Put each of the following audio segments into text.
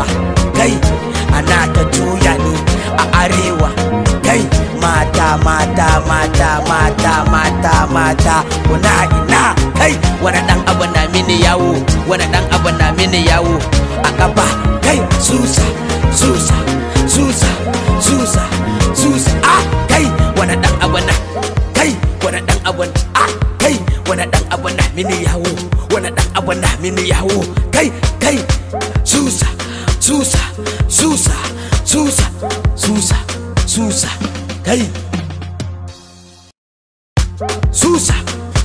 arewa kai ana ta juya ni a arewa kai mata mata mata mata mata mata kuna ina kai wani dan abu na mini yawo wani dan abu na mini yawo a gaba kai susa susa susa susa susa a kai wani dan abu na kai wani dan abu na a kai wani dan abu na mini yawo wani dan abu na mini yawo kai kai susa susa susa susa susa susa kai susa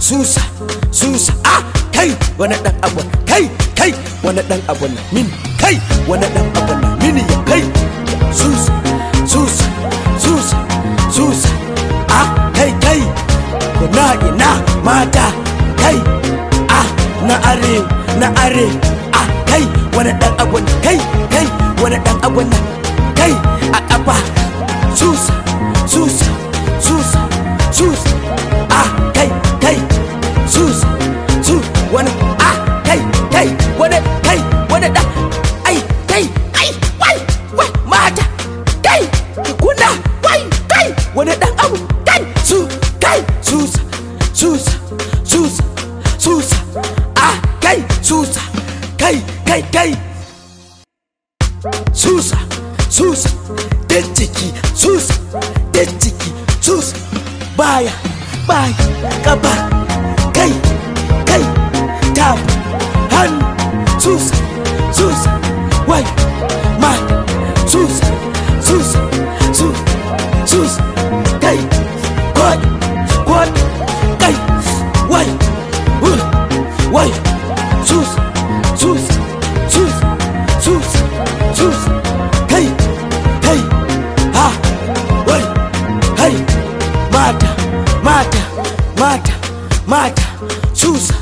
susa susa ah kai wani dan abun kai kai wani dan abun min kai wani dan abun mini ya kai susa susa susa susa ah kai kai na ina mata kai ah na are na are wani dan agwan kai kai wani dan agwan kai a kafa sus sus sus sus ah kai kai sus sus wani ah kai kai wani kai kai susa susa duk jiki susa duk jiki susa baya baya gaba kai kai tap hannu susa susa wai mata susa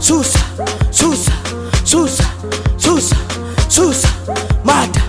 susa susa susa susa susa mata